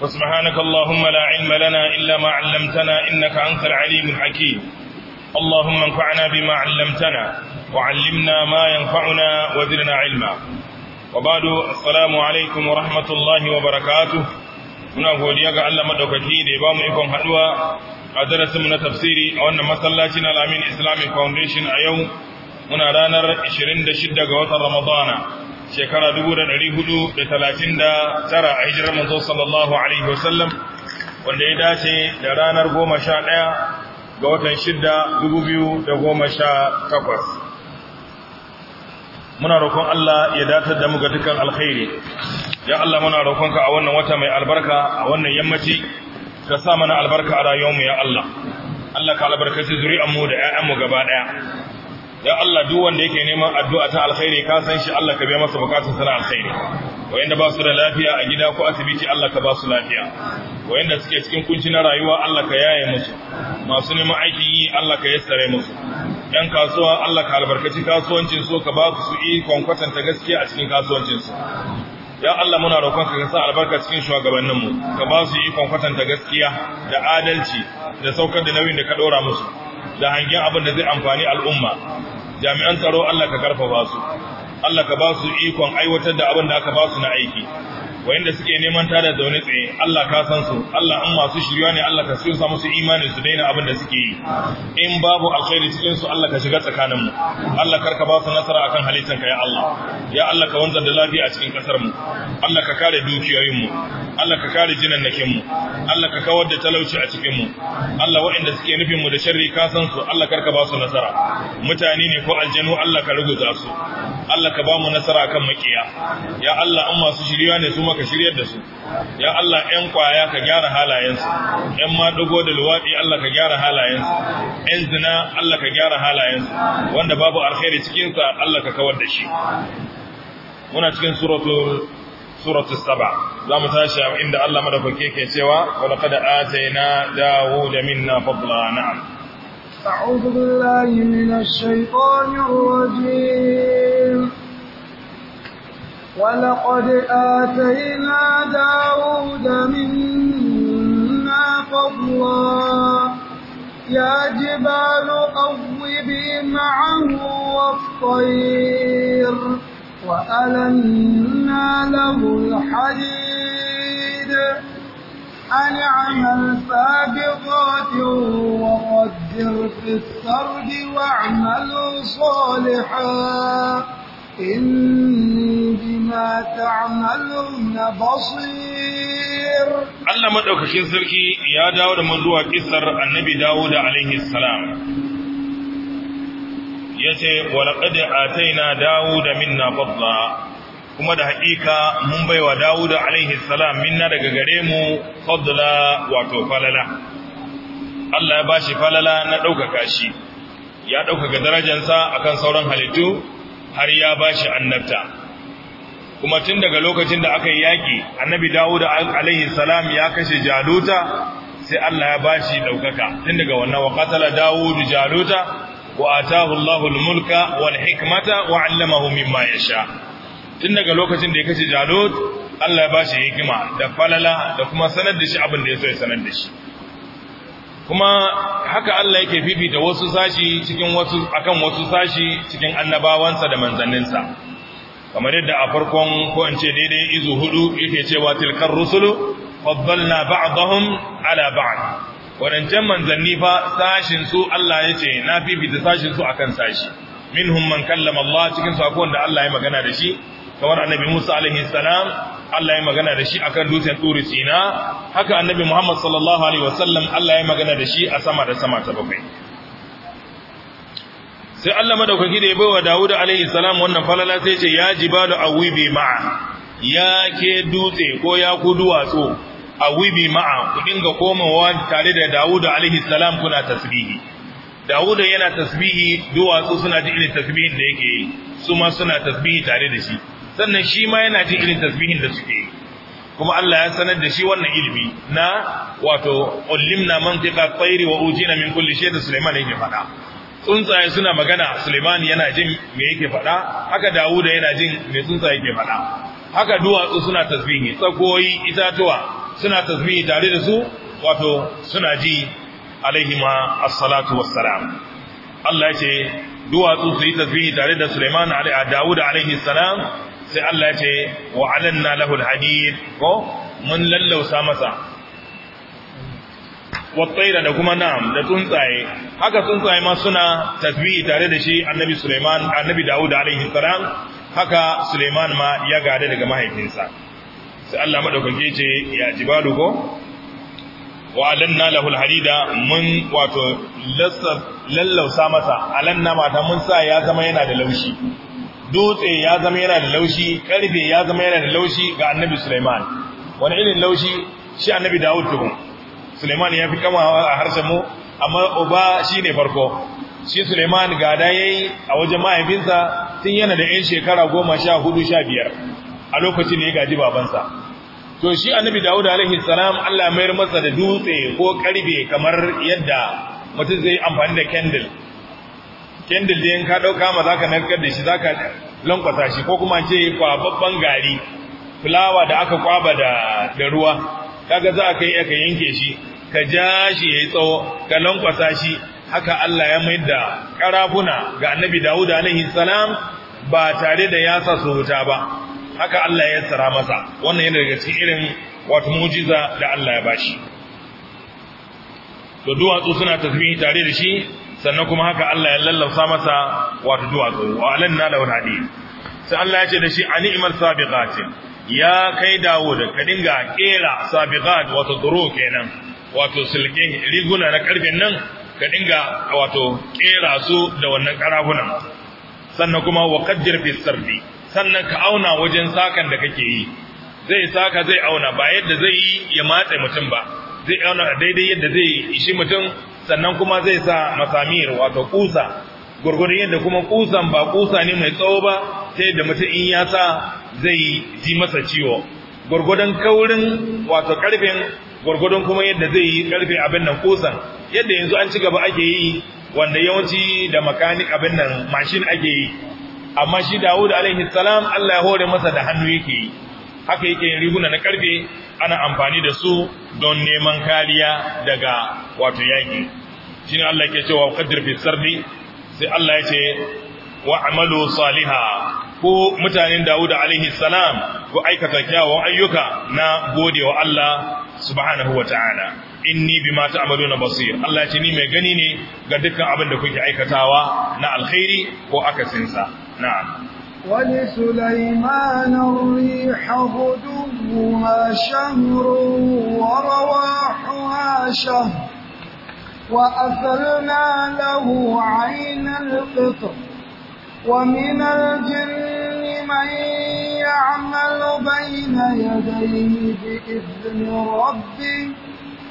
فسبحانك اللهم لا علم لنا إلا ما علمتنا إنك أنت العليم الحكيم اللهم انفعنا بما علمتنا وعلمنا ما ينفعنا وزرنا علما وبعد السلام عليكم ورحمة الله وبركاته muna godiya ga Allah madaukaki da ya bamu ikon haduwa a darasin mu na tafsiri a wannan masallacin al Islamic Foundation a yau muna ranar 26 ga watan Ramadana shekara dubu da da da hudu talatin tara a hijirar manzo sallallahu alaihi wasallam wanda ya dace da ranar goma sha ɗaya ga watan dubu biyu da goma sha takwas. muna roƙon Allah ya datar da mu ga dukkan alkhairi ya Allah muna roƙonka a wannan wata mai albarka a wannan yammaci ka sa mana albarka a rayuwarmu ya Allah Allah ka albarkaci zuri'anmu da 'ya'yanmu gaba ɗaya ya Allah duk wanda yake neman addu'a ta alkhairi ka san shi Allah ka biya masa bukatun sana alkhairi wayanda ba su da lafiya a gida ko asibiti Allah ka ba su lafiya wayanda suke cikin kunci na rayuwa Allah ka yaye musu masu neman aikin yi Allah ka yassare musu yan kasuwa Allah ka albarkaci kasuwancin su ka ba su yi kwatanta gaskiya a cikin kasuwancin su ya Allah muna roƙon ka sa albarka cikin shugabanninmu ka ba su yi kwatanta gaskiya da adalci da saukar da nauyin da ka dora musu da hangen abin da zai amfani al'umma jami'an tsaro Allah ka ba su Allah ka ba su ikon aiwatar da abin da aka ba su na aiki wayanda suke neman tada zaune tsaye Allah ka san su Allah in masu shirya ne Allah ka sa musu imani su daina abin da suke yi in babu alkhairi cikin su Allah ka shiga tsakanin mu Allah karka ba su nasara akan halittanka ya Allah ya Allah ka wanzar da lafiya a cikin kasar mu Allah ka kare dukiyoyin mu Allah ka kare jinannakin mu Allah ka kawar da talauci a cikin mu Allah wayanda suke nufin mu da sharri ka san su Allah karka ba su nasara mutane ne ko aljanu Allah ka ruguza su Allah ka ba mu nasara kan makiya ya Allah an masu shirya ne su maka shiryar da su ya Allah ƴan kwaya ka gyara halayensu ƴan madugo da luwaɗi Allah ka gyara halayensu ƴan zina Allah ka gyara halayensu wanda babu alkhairi cikin sa Allah ka kawar da shi muna cikin suratul suratu saba za mu tashi inda Allah madaukake ke cewa wa laqad atayna dawuda minna fadla na'am أعوذ بالله من الشيطان الرجيم ولقد آتينا داود منا فضلا يا جبال أوبي معه والطير وألنا له الحديد أن اعمل سابقات وقدر في السرد واعملوا صالحا إني بما تعملون بصير Allah madaukakin sarki ya dawo da mun zuwa kissar Annabi Dawud alaihi salam yace wa laqad ataina Dawud minna fadla kuma da haƙiƙa mun baiwa Dawud alaihi salam minna daga gare mu fadla wato falala Allah ya bashi falala na ɗaukaka shi ya ɗaukaka darajarsa akan sauran halittu har ya bashi annabta kuma tun daga lokacin da aka yi yaƙi annabi Dawud alaihi salam ya kashe Jaluta sai Allah ya bashi ɗaukaka tun daga wannan wa qatala Dawud Jaluta wa atahu Allahul mulka wal hikmata wa 'allamahu mimma yasha' tun daga lokacin da ya kashe Jalut Allah ya bashi hikima da falala da kuma sanar da shi abin da ya so ya sanar da shi kuma haka Allah yake fifita wasu sashi cikin wasu akan wasu sashi cikin annabawansa da manzanninsa kamar yadda a farkon ko in ce daidai izu hudu yake cewa tilkar rusulu faddalna ba'dahum ala ba'd wadancan manzanni fa sashin su Allah yace na fifita sashin su akan sashi minhum man kallama Allah cikin su akwai wanda Allah ya magana da shi kamar annabi Musa alaihi salam Allah ya magana da shi akan dutsen Turi Sina haka annabi Muhammad sallallahu alaihi wasallam Allah ya magana da shi a sama da sama ta bakwai sai Allah madaukaki da ya baiwa Dawud alaihi salam wannan falala sai ce ya jibalu awibi ma'a ya ke dutse ko ya ku duwatsu awibi ma'a ku dinga komawa tare da Dawud alaihi salam kuna tasbihi Dawuda yana tasbihi duwatsu suna ji tasbihin da yake yi su ma suna tasbihi tare da shi sannan shi ma yana cin irin tasbihin da suke kuma Allah ya sanar da shi wannan ilimi na wato man tiqa tayri wa ujina min kulli shay da Sulaiman yake faɗa tsuntsaye suna magana Sulaiman yana jin me yake faɗa haka Dawuda yana jin me tsuntsaye yake faɗa haka duwatsu suna tasbihi tsakoyi itatuwa suna tasbihi tare da su wato suna ji ma assalatu wassalam Allah ya ce duwatsu su yi tasbihi tare da Sulaiman a Dawuda alaihi salam sai Allah ya ce wa alanna lahul hadid ko mun lallausa masa wattaira da kuma na'am da tsuntsaye haka tsuntsaye ma suna tasbihi tare da shi annabi Suleiman annabi Dawud alaihi salam haka Suleiman ma ya gada daga mahaifinsa sai Allah madaukake ce ya jibalu ko wa alanna lahul hadida mun wato lallausa masa alanna mata mun sa ya zama yana da laushi dutse ya zama yana da laushi karfe ya zama yana da laushi ga annabi Suleiman. wani irin laushi shi annabi Dawud tukun Suleiman ya fi kama a harshen mu amma uba ne farko shi Suleiman gada yayi a wajen mahaifinsa tun yana da yan shekara goma sha hudu sha biyar a lokacin ne ya gaji babansa to shi annabi Dawud alaihi salam Allah mayar masa da dutse ko karfe kamar yadda mutum zai amfani da candle kendil da ka ɗauka ma za narkar da shi zaka ka lankwasa shi ko kuma ce babban gari fulawa da aka kwaba da ruwa kaga za ka yi aka yanke shi ka ja shi ya tsawo ka lankwasa shi haka Allah ya mai da karafuna ga annabi Dawud alaihi salam ba tare da ya sa su wuta ba haka Allah ya tsara masa wannan yana daga cikin irin wato mu'jiza da Allah ya bashi to duwatsu suna tasbihi tare da shi sannan kuma haka Allah ya lallausa masa wato duwatsu wa alanna wani hadid sai Allah ya ce da shi ani'mal sabiqatin ya kai Dawud ka dinga kera sabiqat wato duro kenan wato silke riguna na karfin nan ka dinga wato kera su da wannan karafunan sannan kuma wa qaddir fi sarfi sannan ka auna wajen sakan da kake yi zai saka zai auna ba yadda zai yi ya matse mutum ba zai auna daidai yadda zai ishi mutum sannan kuma zai sa masamir wato kusa gurgurin yadda kuma kusan ba kusa ne mai tsawo ba ta yadda mutum in ya sa zai ji masa ciwo gurgurin kaurin wato karfin gurgurin kuma yadda zai yi karfin abin nan kusan yadda yanzu an ci gaba ake yi wanda yawanci da makanik abin nan mashin ake yi amma shi Dawud alaihi salam Allah ya hore masa da hannu yake yi haka yake yin riguna na karfe ana amfani da su don neman kariya daga wato yaki shine Allah ke cewa qaddir fi sardi sai Allah ya ce wa amalu saliha ko mutanen Dawud alaihi salam ko aikata kyawun ayyuka na gode wa Allah subhanahu wa ta'ala inni bima ta'maluna basir Allah ya ce ni mai gani ne ga dukkan abin da kuke aikatawa na alkhairi ko akasinsa. sa na'am ولسليمان الريح غدوها شهر ورواحها شهر وأصلنا له عين القطر ومن الجن من يعمل بين يديه بإذن ربه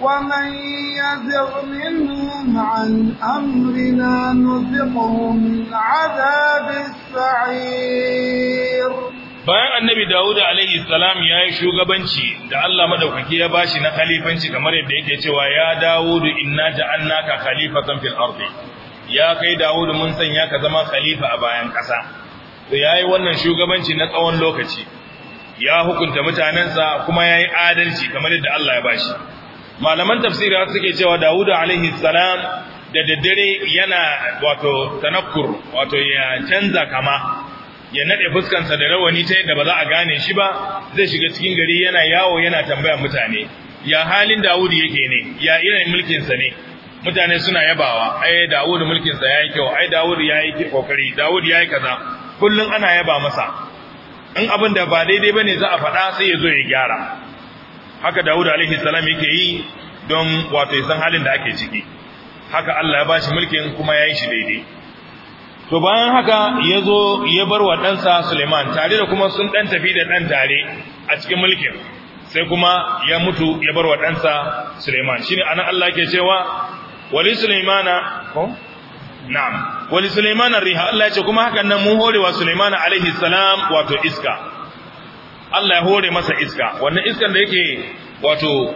ومن يزغ منهم عن أمرنا نزقه من عذاب السعير bayan annabi Dawud alaihi salam ya yi shugabanci da Allah madaukaki ya bashi na khalifanci kamar yadda yake cewa ya Dawud inna ja'alnaka khalifatan fil ardi ya kai Dawud mun sanya ka zama khalifa a bayan kasa to yayi wannan shugabanci na tsawon lokaci ya hukunta mutanensa kuma yayi adalci kamar yadda Allah ya bashi malaman tafsiri suke cewa Dawud alaihi salam da daddare yana wato tanakkur wato ya canza kama ya nade fuskansa da rawani ta yadda ba za a gane shi ba zai shiga cikin gari yana yawo yana tambaya mutane ya halin Dawud yake ne ya irin mulkin sa ne mutane suna yabawa ai Dawud mulkin sa yayi kyau ai Dawud yayi kokari Dawud yayi kaza Kullum ana yaba masa in abin da ba daidai bane za a faɗa sai ya zo ya gyara haka Dawud alaihi salam yake yi don wato ya san halin da ake ciki haka Allah ya bashi mulkin kuma yayi shi daidai to bayan haka ya zo ya bar wa ɗansa Suleiman tare da kuma sun ɗan tafi da ɗan tare a cikin mulkin sai kuma ya mutu ya bar wa ɗansa Suleiman shi ne anan Allah ke cewa wali Suleimana ko? na'am wali Suleimana riha Allah ya ce kuma hakan nan mun hore wa Suleimana alaihi salam wato iska Allah ya hore masa iska wannan iskan da yake wato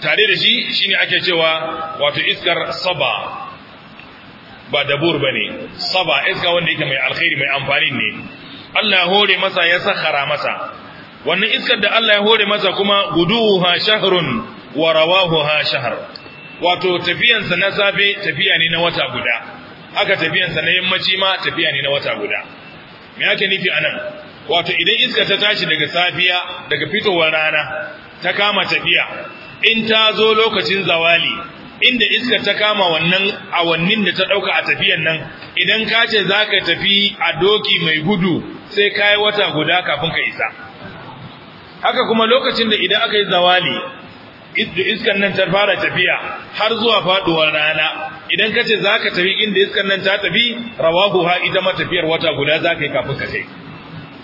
tare da shi shine ake cewa wato iskar saba ba dabur ne. saba iska wanda yake mai alkhairi mai amfani ne Allah ya hore masa ya sakhara masa wannan iskar da Allah ya hore masa kuma guduha shahrun wa rawahuha shahr wato tafiyansa na safe tafiya ne na wata guda aka tafiyansa na yammaci ma tafiya ne na wata guda me yake nufi anan wato idan iska ta tashi daga safiya daga fitowar rana ta kama tafiya in ta zo lokacin zawali inda iskar ta kama wannan awannin da ta ɗauka a tafiyan nan idan ka ce za ka tafi a doki mai gudu sai ka yi wata guda kafin ka isa haka kuma lokacin da idan aka yi zawali da iskan nan ta fara tafiya har zuwa faduwar rana idan ka ce za ka tafi inda iskan nan ta tafi rawahu ha ita ma tafiyar wata guda za ka yi kafin ka kai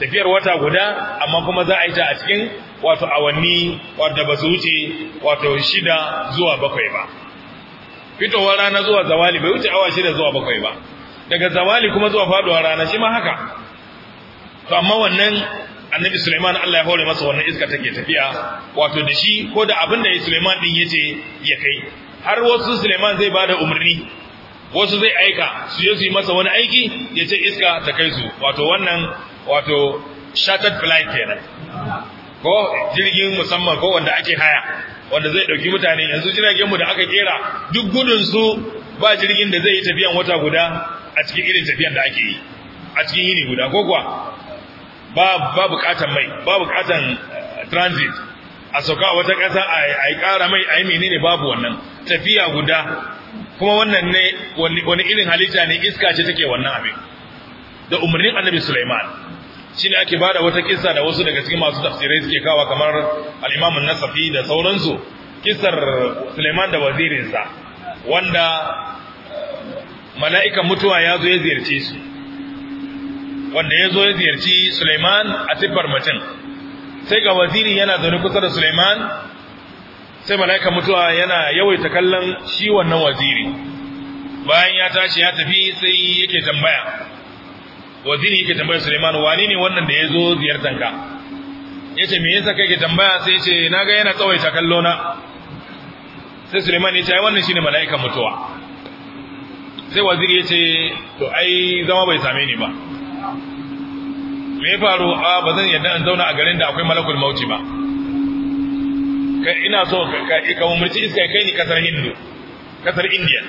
tafiyar wata guda amma kuma za a yi ta a cikin wato awanni wadda ba su wuce wato shida zuwa bakwai ba fitowar rana zuwa zawali bai wuce awa shida zuwa bakwai ba daga zawali kuma zuwa faduwar rana shi ma haka to amma wannan annabi Sulaiman Allah ya hore masa wannan iska take tafiya wato da shi ko da abin da Sulaiman din yace ya kai har wasu Suleiman zai bada umarni wasu zai aika su je su masa wani aiki ya ce iska ta kai su wato wannan wato shattered flight kenan ko jirgin musamman ko wanda ake haya wanda zai dauki mutane yanzu jiragen mu da aka kera duk gudun su ba jirgin da zai yi tafiyan wata guda a cikin irin tafiyan da ake yi a cikin yini guda ko kuwa ba ba bukatan mai ba bukatan eh, transit a sauka wata kasa a yi kara mai a yi menene babu wannan tafiya guda kuma wannan ne wani irin halitta ne iska ce take wannan abin da umarnin annabi Sulaiman ne ake bada wata kisa da wasu daga cikin masu tafsirai suke kawa kamar al'imam nasafi da sauransu Kisar Suleiman da wazirinsa wanda mala'ikan mutuwa ya zo ya ziyarce su wanda ya zo ya ziyarci Suleiman a tibbar mutum sai ga waziri yana zaune kusa da Suleiman sai mala'ikan mutuwa yana yawaita kallon shi wannan waziri bayan ya tashi ya tafi sai yake tambaya wazini yake tambayar Suleiman wani ne wannan da ya zo ziyartar ka ya ce me yasa kake tambaya sai ya ce na ga yana tsawaita kallo na sai Suleiman ya ce ai wannan shine mala'ikan mutuwa sai waziri ya ce to ai zama bai same ni ba me ya faru a ba zan yadda in zauna a garin da akwai malakul mauti ba Kai ina so ka umarci iska kai ni kasar hindu kasar indiya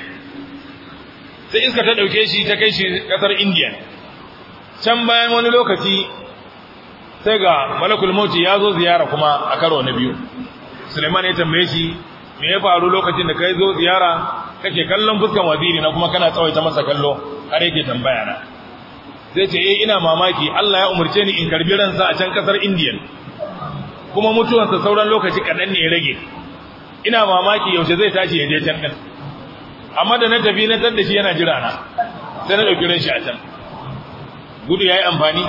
sai iska ta dauke shi ta kai shi kasar indiya can bayan wani lokaci sai ga malakul mauti ya zo ziyara kuma a karo na biyu suleiman ya tambaye shi me ya faru lokacin da kai zo ziyara kake kallon fuskan waziri na kuma kana tsawaita masa kallo har yake tambaya na zai ce eh ina mamaki Allah ya umarce ni in karbi ransa a can kasar Indiya kuma mutuwansa sauran lokaci kadan ne ya rage ina mamaki yaushe zai tashi ya je can din amma da na tafi na tar da shi yana jira na sai na ɗauki ran shi a can gudu ya yi amfani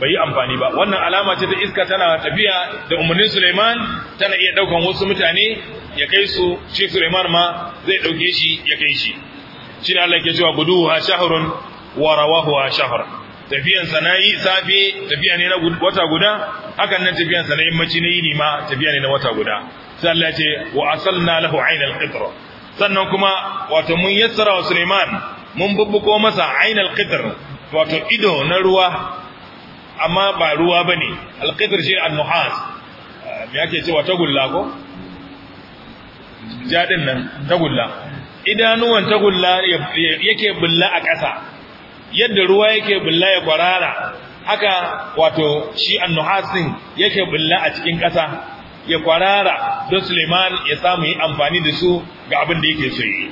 bai yi amfani ba wannan alama ce ta iska tana tafiya da umarnin Suleiman tana iya daukan wasu mutane ya kai su shi Suleiman ma zai dauke shi ya kai shi shine Allah yake cewa guduha shahrun wa rawahu shahr tafiyan sa yi safe tafiya ne na wata guda hakan nan tafiyan sa nayi mace ne yini ma tafiya ne na wata guda sai Allah ce wa asalna lahu ainal qitr sannan kuma wato mun yassara wa Suleiman mun bubbuko masa ainal qitr wato ido na ruwa amma ba ruwa ba ne alƙidar shi annuhas me ake cewa tagulla ko jaɗin nan tagulla idanuwan tagulla yake bulla a ƙasa yadda ruwa yake bulla ya kwarara haka wato shi annuhas din yake bulla a cikin ƙasa ya kwarara don suleiman ya samu yi amfani da su ga abin da yake so yi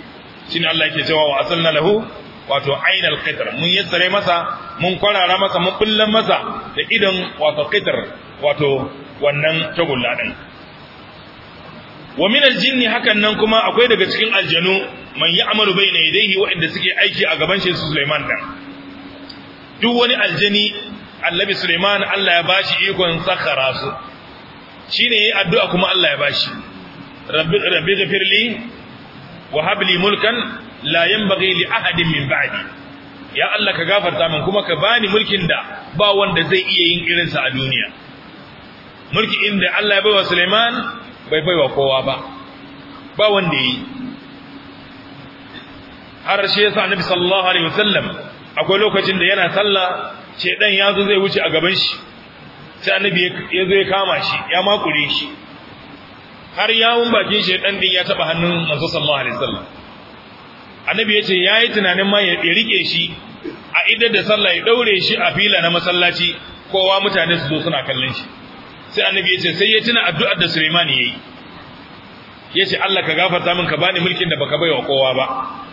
shi allah yake cewa wa asalna lahu wato ainal qitr mun tsare masa mun kwarara masa mun bullan masa da idan wato qitr wato wannan tagulla ɗin wa min hakan nan kuma akwai daga cikin aljanu man ya'malu bai na wa waɗanda suke aiki a gaban shi Suleiman dan duk wani aljani annabi Sulaiman Allah ya bashi ikon sakara su shine yayi addu'a kuma Allah ya bashi rabbi rabbi ghfirli wa habli mulkan la yanbaghi li ahadin min ba'di ya Allah ka gafarta min kuma ka bani mulkin da ba wanda zai iya yin irinsa a duniya mulki inda Allah ya baiwa Suleiman bai baiwa kowa ba ba wanda yi har shi yasa Annabi sallallahu alaihi wasallam akwai lokacin da yana sallah dan yazo zai wuce a gaban shi sai Annabi ya zo ya kama shi ya makure shi har yawun bakin shedan din ya taba hannun Manzo sallallahu alaihi wasallam annabi ya ce ya yi tunanin ma ya rike shi a idar da sallah ya daure shi a fila na masallaci kowa mutane su zo suna kallon shi sai annabi ya ce sai ya tuna addu'ar da Suleiman ya yi ya ce Allah ka gafarta min ka bani mulkin da baka baiwa kowa ba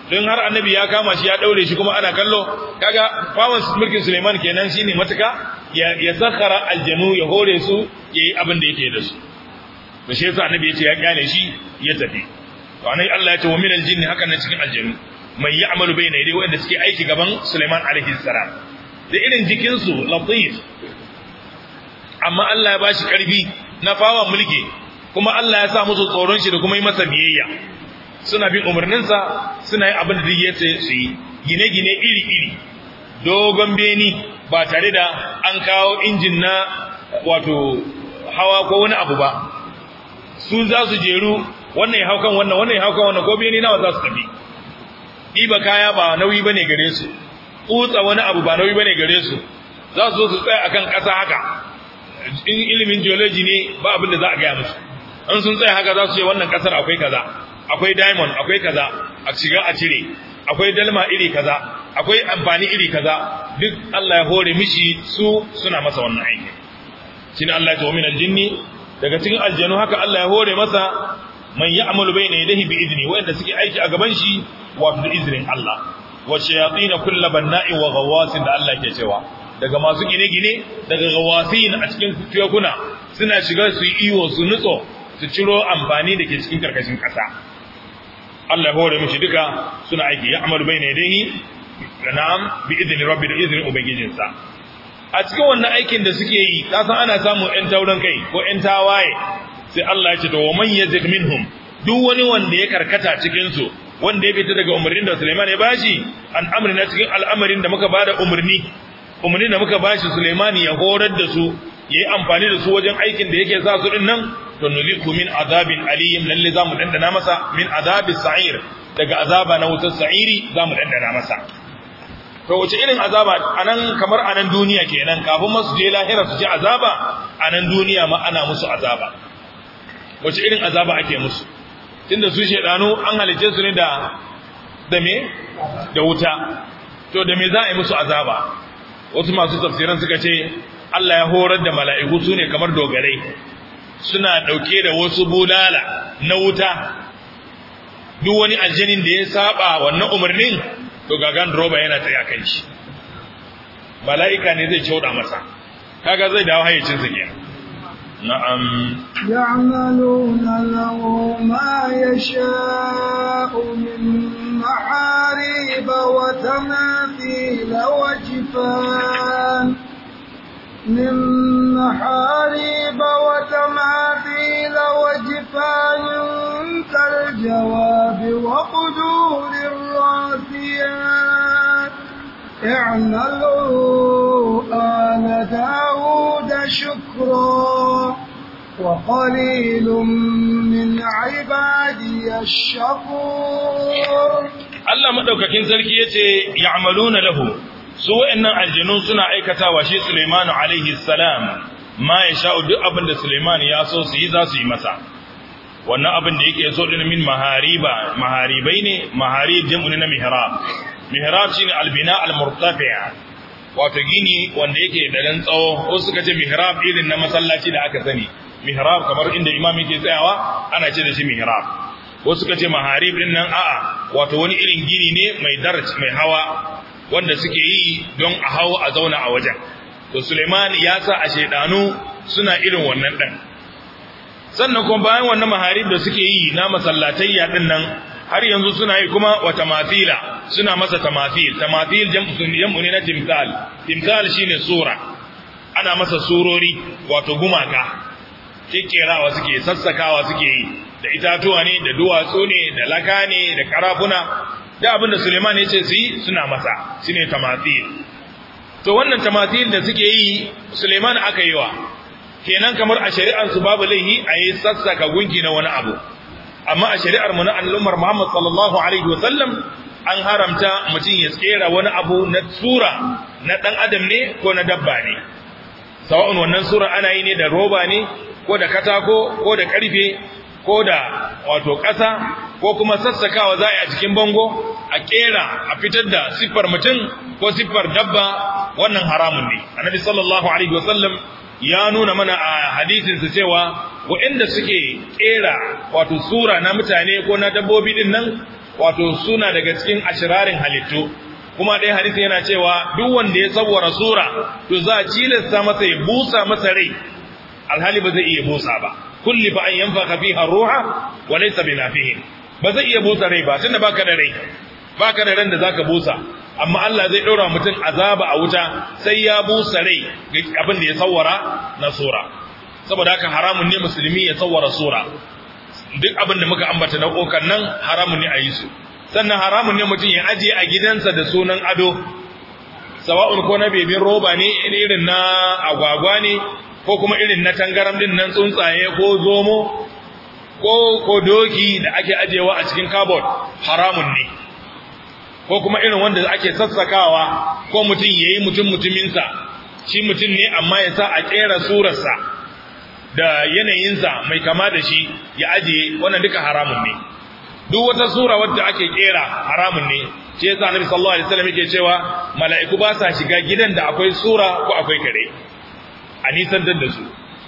don har annabi ya kama shi ya daure shi kuma ana kallo kaga fawon mulkin Suleiman kenan shine matuka ya ya sakhara aljanu ya hore su yayi abin da yake da su to shi yasa annabi ya ce ya kyale shi ya tafi to anai Allah ya ce wa min aljinni haka nan cikin aljanu mai ya'malu bayna yadi wanda suke aiki gaban Sulaiman alaihi salam da irin jikin su latif amma Allah ya bashi karfi na fawa mulki kuma Allah ya sa musu tsoron shi da kuma yi masa biyayya suna bin sa suna yi abin da duk ya su yi gine-gine iri-iri dogon beni ba tare da an kawo injin na wato hawa ko wani abu ba su za su jeru wannan ya haukan wannan wannan ya haukan wannan ko ni nawa za su tafi Diba kaya ba nauyi bane gare su tsutsa wani abu ba nauyi bane gare su za su zo su tsaya akan ƙasa haka in ilimin geology ne ba abin da za a gaya musu in sun tsaya haka za su ce wannan ƙasar akwai kaza akwai diamond akwai kaza a shiga a cire akwai dalma iri kaza akwai amfani iri kaza duk Allah ya hore mishi su suna masa wannan aiki ne Allah ya ce wa minal jinni daga cikin aljanu haka Allah ya hore masa man ya'malu bayna da bi izini, wa'inda suke aiki a gaban shi wato da izinin Allah wa na kulla banna'in wa ghawasin da Allah ke cewa daga masu gine-gine daga gawasin a cikin tekuna suna shiga su yi iwo su nutso su ciro amfani da ke cikin karkashin ƙasa Allah ya hore mishi duka suna aiki ya da bayna da na'am bi idni rabbi da izinin ubangijinsa a cikin wannan aikin da suke yi kasan ana samun 'yan taurin kai ko 'yan tawaye sai Allah ya ce to wa man yazig minhum duk wani wanda ya karkata cikinsu wanda ya fita daga umarnin da Sulaiman ya bashi an na cikin al'amarin da muka bada umarni umarnin da muka bashi Sulaiman ya horar da su yayi amfani da su wajen aikin da yake sa su din nan to nuliku min azabin aliyim lalle za mu dandana masa min azabin sa'ir daga azaba na wutar sa'iri za mu dandana masa to wace irin azaba anan kamar anan duniya kenan kafin masu je lahira su ji azaba anan duniya ma ana musu azaba wace irin azaba ake musu tunda su shedanu an halice su ne da da me da wuta to da me za a yi musu azaba wasu masu tafsiran suka ce Allah ya horar da mala'iku su ne kamar dogarai suna ɗauke da wasu bulala na wuta duk wani aljanin da ya saba wannan umarnin to gagan roba yana tsaya kan shi mala'ika ne zai cewa masa kaga zai dawo hayyacin sa نعم يعملون له ما يشاء من محاريب وتماثيل وجفان من محاريب وتماثيل وجفان كالجواب وقدور الراسيان اعملوا آل داود شكرا وقليل من عبادي الشكور الله مدوكاكين سركي يتي يعملون له سوء إن الجنون سنة أيكتا وشي سليمان عليه السلام ما يشاء دو أبن سليمان ياسو سيزا سيمسا wannan abin da yake so din min mahariba maharibai ne maharib jam'u na mihrab mihrab shine albina almurtafi'a wato gini wanda yake da ran tsawo wasu suka ce mihrab irin na masallaci da aka sani mihrab kamar inda imam yake tsayawa ana ce da shi mihrab wasu suka ce maharib din nan a'a wato wani irin gini ne mai daraj mai hawa wanda suke yi don a hawo a zauna a wajen to Suleiman ya sa a shedanu suna irin wannan dan sannan kuma bayan wannan maharib da suke yi na masallatayya din nan har yanzu suna yi kuma wata mafila suna masa tamathil tamathil jam'u ne na timthal timthal shine sura ana masa surori wato gumaka kikkerawa suke sassakawa suke yi da itatuwa ne da duwatsu ne da laka ne da karafuna da abinda Suleiman ya ce su yi suna masa shine tamathil to wannan tamathil da suke yi Suleiman aka yi wa kenan kamar a shari'ar su babu laihi a yi sassaka gunki na wani abu amma a shari'ar mu na al'ummar Muhammad sallallahu alaihi wa an haramta mutum ya tsera wani abu na tsura na ɗan adam ne ko na dabba ne sawa'un wannan sura ana yi ne da roba ne ko da katako ko da ƙarfe ko da wato ƙasa ko kuma sassakawa za a yi a cikin bango a ƙera a fitar da siffar mutum ko siffar dabba wannan haramun ne annabi sallallahu alaihi wasallam ya nuna mana a hadisinsa cewa wa'inda suke ƙera wato sura na mutane ko na dabbobi din nan wato suna daga cikin ashirarin halittu kuma dai hadisi yana cewa duk wanda ya tsawara sura to za a cilasta masa ya busa masa rai alhali ba zai iya busa ba kulli fa an yanfaka fiha ruha wa laysa binafihin ba zai iya busa rai ba tunda baka da rai baka da ran da zaka busa amma Allah zai daura mutum azaba a wuta sai ya busa rai abin da ya tsawara na sura saboda haka haramun ne musulmi ya tsawara sura duk abin da muka ambata nau'ukan nan haramun ne a yi su sannan haramun ne mutum ya aje a gidansa da sunan ado sawa'un ko na bebin roba ne irin na agwagwa ne ko kuma irin na tangaram din nan tsuntsaye ko zomo ko ko doki da ake ajewa a cikin cupboard haramun ne ko kuma irin wanda ake sassakawa ko mutum yayi mutum mutuminsa shi mutum ne amma ya sa a kera surarsa da yanayinsa mai kama da shi ya ajiye wannan duka haramun ne duk wata sura wadda ake kera haramun ne shi yasa annabi sallallahu alaihi wasallam yake cewa mala'iku ba sa shiga gidan da akwai sura ko akwai kare a nisan da su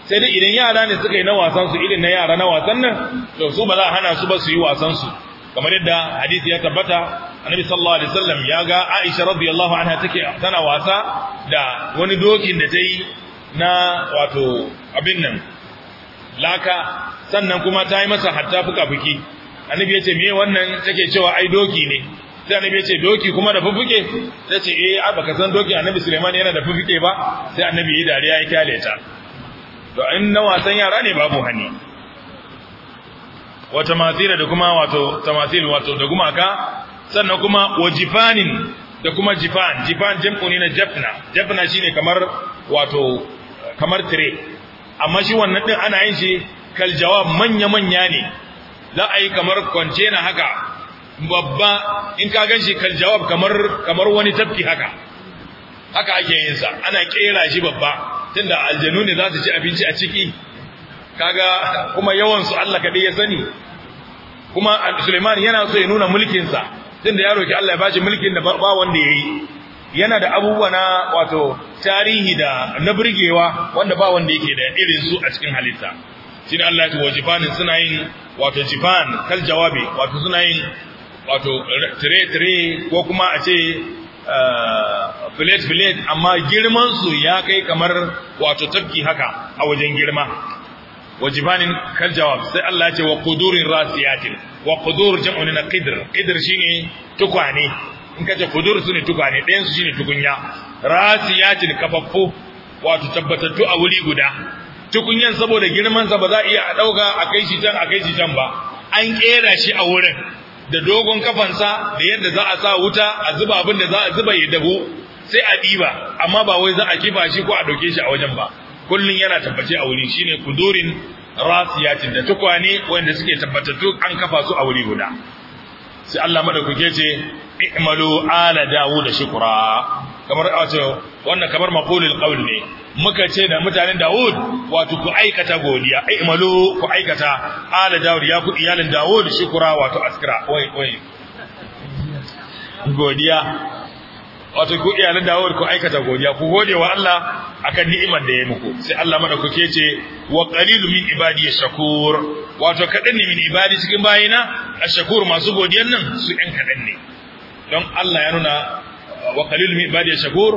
sai dai idan yara ne suka yi na wasan su irin na yara na wasan nan to su ba za a hana su ba su yi wasan su kamar yadda hadisi ya tabbata annabi sallallahu alaihi wasallam ya ga Aisha radiyallahu anha take tana wasa da wani dokin da ta yi na wato abin nan laka sannan kuma ta yi masa hatta fuka-fuki annabi ya ce me wannan take cewa ai doki ne sai annabi ya ce doki kuma da fufuke ta ce eh a baka san doki annabi Suleiman yana da fufuke ba sai annabi ya dariya ya kyale ta to in na wasan yara ne babu hani wa masira da kuma wato tamasil wato da gumaka sannan kuma wajifanin da kuma jifan jifan jam'u na jafna jafna shine kamar wato kamar tire amma shi wannan din ana yin shi kal jawab manya manya ne za a yi kamar kwance haka babba in ka gan shi kal jawab kamar kamar wani tafki haka haka ake yin sa ana kera shi babba tunda aljanu ne za su ci abinci a ciki kaga kuma yawan su Allah kadai ya sani kuma Suleiman yana so ya nuna mulkin sa tunda ya roki Allah ya bashi mulkin da ba wanda yayi yana da abubuwa na wato tarihi da na burgewa wanda ba wanda yake da irin su a cikin halitta ne Allah ya jifanin suna yin wato jifan kal jawabi wato suna yin wato tire tire ko kuma a ce eh, plate plate amma girman su ya kai kamar wato tafki haka a wajen girma wajibanin kal jawab sai Allah ya ce wa qudurin rasiyatin wa qudur jam'un na qidr qidr shine tukwane in kace kudur su ne tukwane ɗayan su shine tukunya rasiyatin kafaffu wato tabbatattu a wuri guda tukunyan saboda girman sa ba za iya a dauka a kai shi can a kai shi can ba an kera shi a wurin da dogon kafansa da yadda za a sa wuta a zuba abin da za a zuba ya dabo sai a diba amma ba wai za a kifa shi ko a dauke shi a wajen ba kullun yana tabbace a wuri shine kudurin rasiyatin da tukwane wanda suke tabbatattu an kafa su a wuri guda sai Allah madaukake ce i'malu ala dawud shukra kamar wato wannan kamar maqulul qawl ne muka ce da mutanen dawud wato ku aikata godiya i'malu ku aikata ala dawud ya ku iyalin dawud shukra wato askira wai wai godiya wato ku iyalan dawud ku aikata godiya ku gode wa Allah akan ni'imar da ya muku sai Allah madaukake ce wa qalilu min ibadi shakur wato kadan ne min ibadi cikin bayina ashakur masu godiyan nan su ɗan kadan ne don Allah ya nuna wa qalilu min ibadi shakur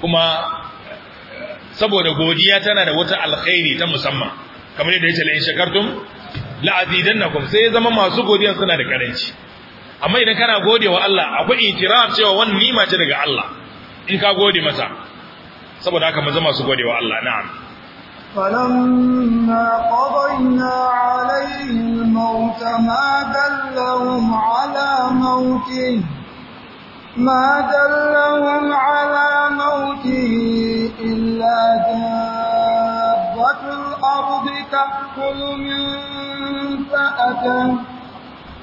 kuma saboda godiya tana da wata alkhairi ta musamman kamar yadda ya ce la in shakartum la azidannakum sai zama masu godiyan suna da karanci amma idan kana gode wa Allah akwai itiraf cewa wannan nima ce daga Allah in ka gode masa saboda haka maza masu gode wa Allah na'am فلما قضينا عليه الموت ما دلهم على موته ما دلهم على موته إلا دابة الأرض تأكل من فأته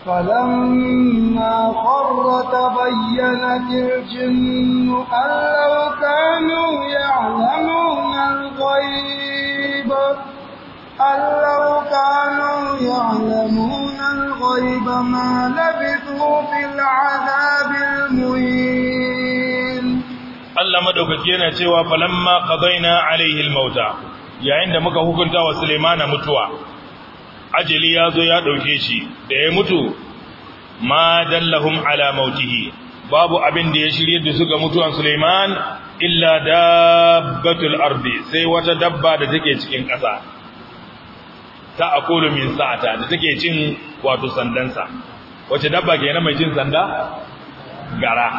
فلما خر تبينت الجن أن لو كانوا يعلمون الغيب أن لو كانوا يعلمون الغيب ما لبثوا في العذاب المهين الله مدوكك yana فلما قضينا عليه الموتى يا yayin da muka hukunta متوى ajali ya zo ya ɗauke shi da ya mutu ma dallahum ala mautihi babu abin da ya shirye da su ga mutuwan Suleiman illa dabbatul ardi sai wata dabba da take cikin ƙasa ta akulu min sa'ata da take cin wato sandansa wace dabba ke na mai cin sanda gara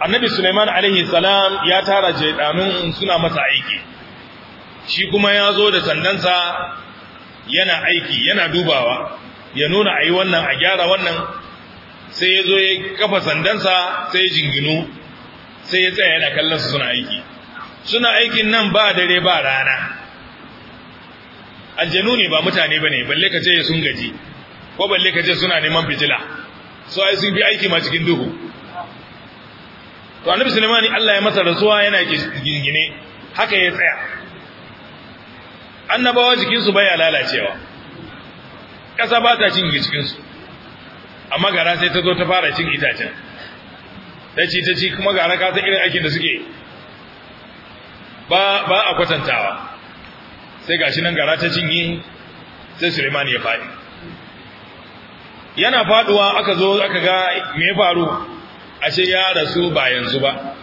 annabi Suleiman alaihi salam ya tara jaidanun suna masa aiki shi kuma ya zo da sandansa yana aiki yana dubawa ya nuna a yi wannan a gyara wannan sai ya zo ya kafa sandansa sai ya jinginu sai ya tsaya yana kallonsu suna aiki suna aikin nan ba dare ba rana aljanu ne ba mutane ba ne balle ka ce sun gaji ko balle ka ce suna neman fitila so ai sun bi aiki ma cikin duhu to annabi sulaimani Allah ya masa rasuwa yana gingine haka ya tsaya annabawa jikinsu baya lalacewa ƙasa ba ta cin jikinsu amma gara sai ta zo ta fara cin itacen ta ci ta ci kuma gara ka ta irin aikin da suke ba a kwatantawa sai gashi nan gara ta cinye sai Suleiman ya faɗi yana faɗuwa aka zo aka ga me ya faru ashe ya rasu ba yanzu ba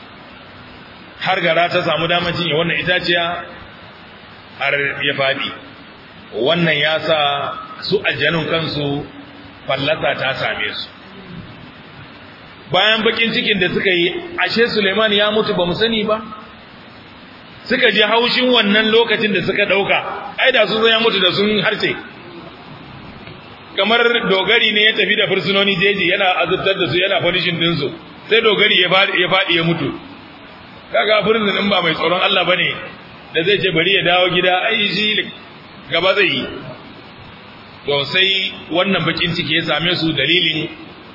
har gara ta samu damar cinye wannan itaciya har ya faɗi wannan ya sa su aljanun kansu fallasa ta same su bayan bakin cikin da suka yi ashe Suleiman ya mutu ba mu sani ba suka ji haushin wannan lokacin da suka ɗauka, ai da sun ya mutu da sun harce kamar dogari ne ya tafi da fursunoni jeji yana azubtar da su yana fanishin din su sai dogari ya fadi ya mutu kaga fursunin ba mai tsoron Allah bane da zai ce bari ya dawo gida ai shi gaba zai yi to sai wannan bakin ciki ya same su dalilin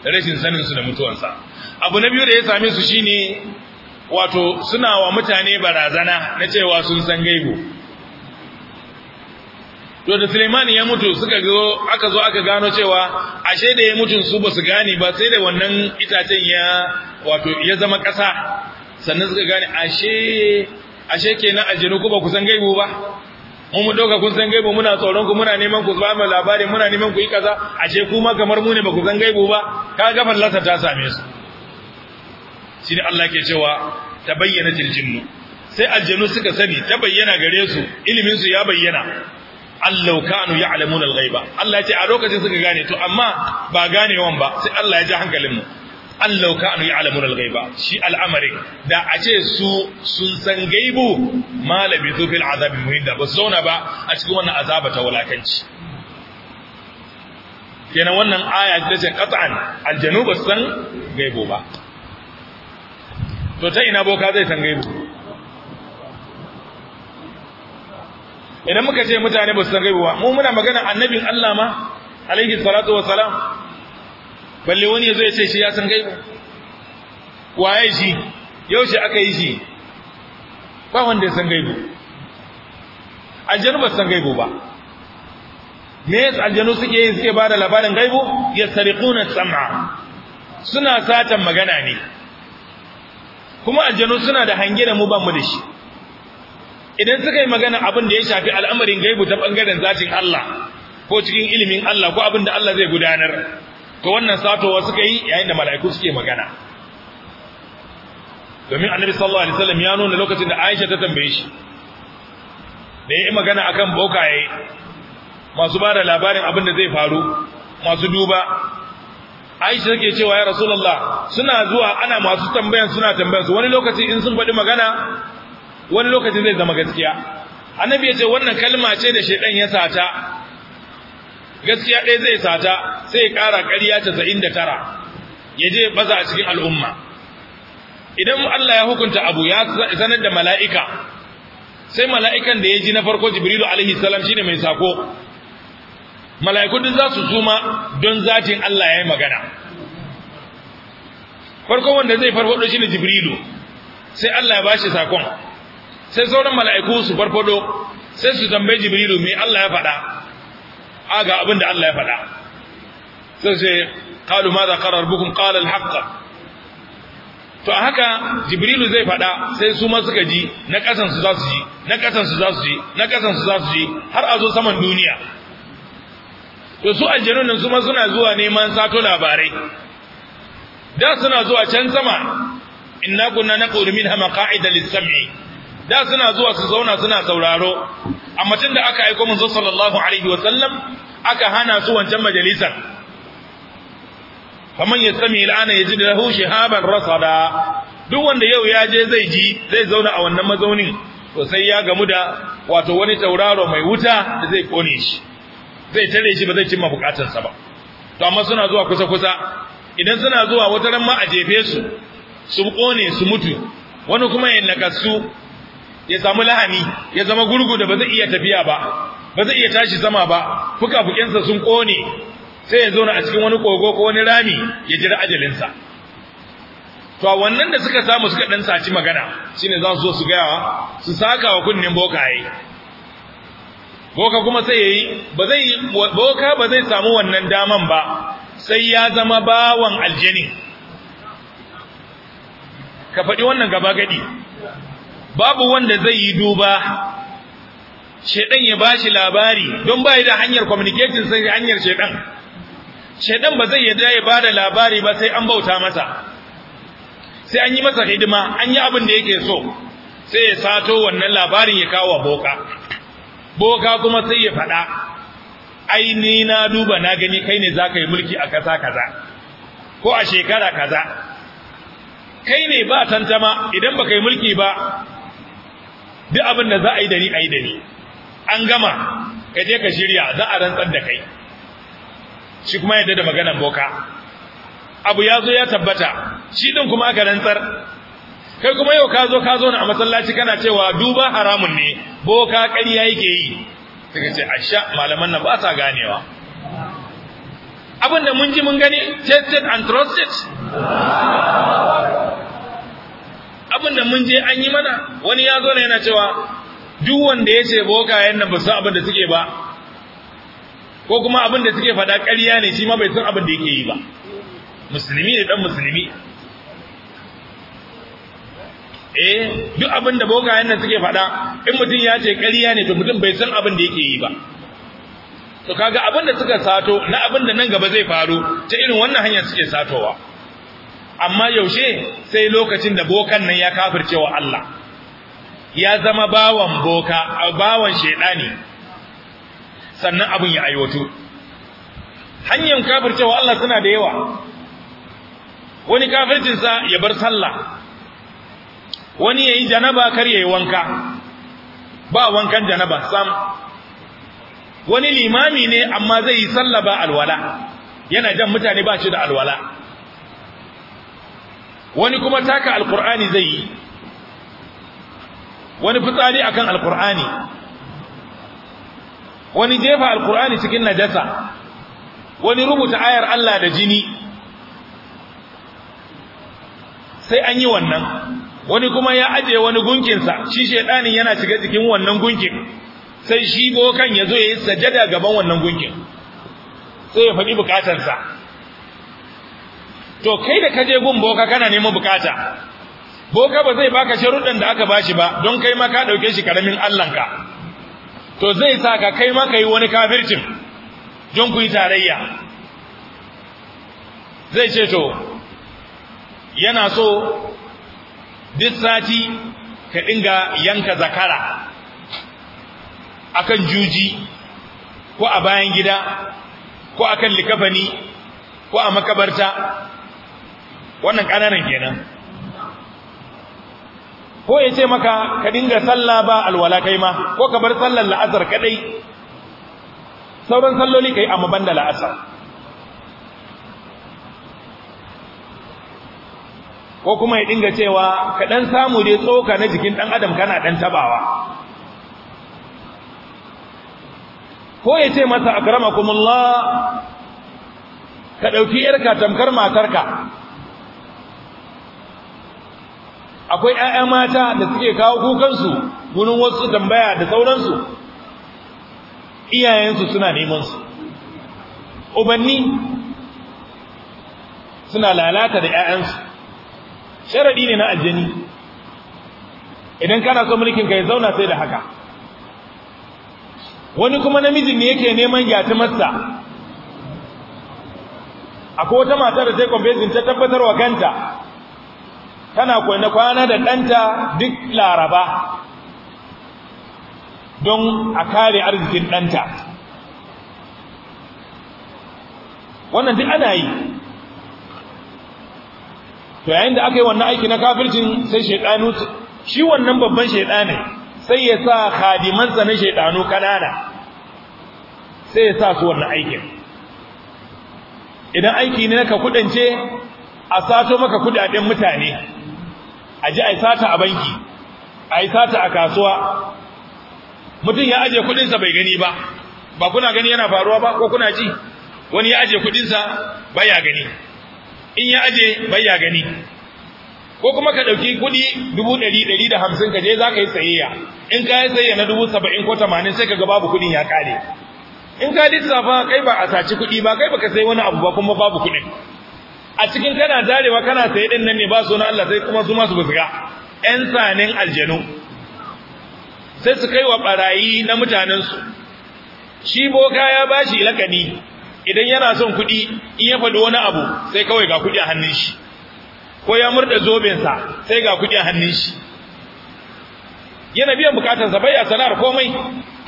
rashin sanin su da mutuwansa abu na biyu da ya same su shine wato suna wa mutane barazana na cewa sun san gaibo to da Suleiman ya mutu suka zo aka zo aka gano cewa ashe da ya mutu su ba su gane ba sai da wannan itacen ya wato ya zama ƙasa sannan suka gane ashe ashe kenan aljanu ku ba ku san gaibu ba mu mu doka kun san gaibu muna tsoron ku muna neman ku ba mu labari muna neman ku yi kaza ashe kuma kamar mu ne ba ku san gaibu ba Ka ga fallasa ta same su shi ne Allah ke cewa tabayyana jinnu sai aljanu suka sani ta bayyana gare su ilimin su ya bayyana Allah kanu ya'lamuna al-ghaiba Allah ya ce a lokacin suka gane to amma ba gane ganewan ba sai Allah ya ji hankalin mu allau ya alamu al-ghaiba shi al'amarin da a ce su sun san gaibu malabi zufin azabi muhinda ba su zauna ba a cikin wannan azaba ta wulakanci kenan wannan aya ta ce qat'an aljanu ba san gaibu ba to ta ina boka zai san gaibu idan muka ce mutane ba su san gaibu ba mu muna magana annabin Allah ma alaihi salatu wassalam balle wani ya zo ya ce shi ya san gaibu waye shi yau shi aka yi shi ba wanda ya san gaibu aljanu ba san gaibu ba me yasa aljanu suke yi suke bada labarin gaibu ya sariquna sam'a suna satan magana ne kuma aljanu suna da hange da mu ba mu da shi idan suka yi magana abin da ya shafi al'amarin gaibu ta bangaren zatin Allah ko cikin ilimin Allah ko abin da Allah zai gudanar to wannan satowa suka yi yayin da mala'iku suke magana domin annabi sallallahu alaihi wasallam ya nuna lokacin da Aisha ta tambaye shi da yi magana akan bokaye masu ba da labarin abin da zai faru masu duba Aisha take cewa ya Rasulullah suna zuwa ana masu tambayan suna tambayan su wani lokaci in sun faɗi magana wani lokaci zai zama gaskiya annabi ya ce wannan kalma ce da shedan ya sata gaskiya ɗaya zai sata sai ƙara ƙarya casa'in da tara ya je baza a cikin al'umma idan Allah ya hukunta abu ya sanar da mala'ika sai mala'ikan da ya ji na farko jibrilu alaihi salam shine mai sako mala'ikun duk za su suma don zatin Allah ya yi magana farko wanda zai farfado shine jibrilu sai Allah ya bashi sakon sai sauran mala'iku su farfado sai su tambaye jibrilu me Allah ya faɗa Aga ga abin da Allah ya faɗa sai sai kalu ma za qarar bukum qala al to haka jibrilu zai faɗa sai su ma suka ji na ƙasan su za su ji na ƙasan su za su ji na ƙasan su za su ji har a zo saman duniya to su aljanun nan su ma suna zuwa neman sato labarai da suna zuwa can sama inna kunna naqulu minha maqa'ida lis-sam'i da suna zuwa su zauna suna sauraro amma tun da aka aiko manzo sallallahu alaihi wa sallam aka hana su wancan majalisar sami yastami al'ana yajid lahu shihaban rasada duk wanda yau ya je zai ji zai zauna a wannan mazaunin to sai ya gamu da wato wani tauraro mai wuta da zai kone shi zai tare shi ba zai cimma bukatarsa ba to amma suna zuwa kusa kusa idan suna zuwa wata ran ma a jefe su su kone su mutu wani kuma ya nakasu. ya samu lahani ya zama gurgu da ba zai iya tafiya ba ba zai iya tashi sama ba fuka-fukensa sun kone sai ya zauna a cikin wani kogo ko wani rami ya jira ajalinsa to wannan da suka samu suka dan saci magana shine za su zo su gaya su saka wa kunnen bokaye boka kuma sai yayi ba zai boka ba zai samu wannan daman ba sai ya zama bawan aljini ka faɗi wannan gaba gadi babu wanda zai yi duba shedan ya bashi labari don bai da hanyar communication sai hanyar shedan shedan ba zai yadda ya bada labari ba sai an bauta masa sai an yi masa hidima an yi abin da yake so sai ya sato wannan labarin ya kawo boka boka kuma sai ya faɗa ai ni na duba na gani kai ne za ka yi mulki a kasa kaza ko a shekara kaza kai ne ba tantama idan baka yi mulki ba duk abin da za a yi da ni a yi da ni an gama ka je ka shirya za a rantsar da kai shi kuma yadda da maganan boka abu ya zo ya tabbata shi din kuma aka rantsar kai kuma yau ka zo ka zo a masallaci kana cewa duba haramun ne boka ƙarya yake yi suka ce asha malaman nan ba sa ganewa Abinda da mun ji mun gani tested and trusted abin da mun je an yi mana wani ya zo ne yana cewa duk wanda ya ce bokayen nan ba su abin da suke ba ko kuma abin da suke faɗa ƙarya ne shi ma bai san abin da yake yi ba musulmi ne dan musulmi eh duk abin da bokayen nan suke faɗa in mutum ya ce ƙarya ne to mutum bai san abin da yake yi ba to kaga abin da suka sato na abin da nan gaba zai faru ta irin wannan hanyar suke satowa amma yaushe sai lokacin da bokan nan ya kafirce wa Allah ya zama bawan boka a bawan shedani sannan abin ya aiwato hanyar kafirce wa Allah suna da yawa wani kafircinsa ya bar sallah wani yayi janaba kar yayi wanka ba wankan janaba sam wani limami ne amma zai yi sallah ba alwala yana jan mutane ba shi da alwala wani kuma taka alkur'ani zai yi wani fitsari akan alkur'ani wani jefa alkur'ani cikin najasa wani rubuta ayar Allah da jini sai an yi wannan wani kuma ya ajiye wani gunkinsa shi shedanin yana shiga cikin wannan gunkin sai shi bokan ya zo ya yi sajada gaban wannan gunkin sai ya faɗi bukatarsa to kai da kaje gun boka kana neman bukata boka ba zai baka sharuɗan da aka bashi ba don kai ma ka dauke shi karamin ka. to zai sa ka kai ma kai wani kafircin don ku yi tarayya zai ce to yana so duk sati ka dinga yanka zakara akan juji ko a bayan gida ko akan likafani ko a makabarta wannan ƙananan kenan ko ya ce maka ka dinga sallah ba alwala kai ma ko ka bar sallar la'asar kadai sauran salloli kai amma banda la'asar ko kuma ya dinga cewa ka dan samu dai tsoka na jikin dan adam kana dan tabawa ko ya ce masa akramakumullah ka dauki yarka tamkar matarka akwai 'ya'ya mata da suke kawo kukansu gurin wasu tambaya da sauransu iyayensu suna neman su ubanni suna lalata da yayansu Sharaɗi ne na aljani idan kana so mulkin ka ya zauna sai da haka wani kuma namijin ne yake neman masa akwai wata matar da ta yi ta tabbatar wa kanta tana kwana kwana da ɗanta duk laraba don a kare arzikin ɗanta wannan duk ana yi to yayin da aka yi wannan aiki na kafircin sai shaidanu shi wannan babban shaidanai sai ya sa khadimansa na shaiɗanu kanana sai ya sa su wannan aikin idan aiki ne ka kudance a sato maka kudaden mutane a ji a sata a banki a sata a kasuwa mutum ya aje kudinsa bai gani ba ba kuna gani yana faruwa ba ko kuna ji wani ya aje kudinsa baya gani in ya aje baya gani ko kuma ka ɗauki kuɗi dubu ɗari ɗari da hamsin ka za ka yi sayayya in ka yi sayayya na dubu saba'in ko tamanin sai ka ga babu kuɗin ya ƙare in ka lissafa kai ba a saci kuɗi ba kai baka ka sai wani abu ba kuma babu kuɗin a cikin kana tarewa kana saye din nan ne ba su na Allah sai kuma su masu Yan ƴan sanin aljanu sai su kai wa barayi na mutanensu shi boka ya bashi lakani idan yana son kuɗi in ya faɗi wani abu sai kawai ga kuɗi a hannun shi ko ya murda zobensa sai ga kuɗi a hannun shi yana biyan bukatarsa bai a sanar komai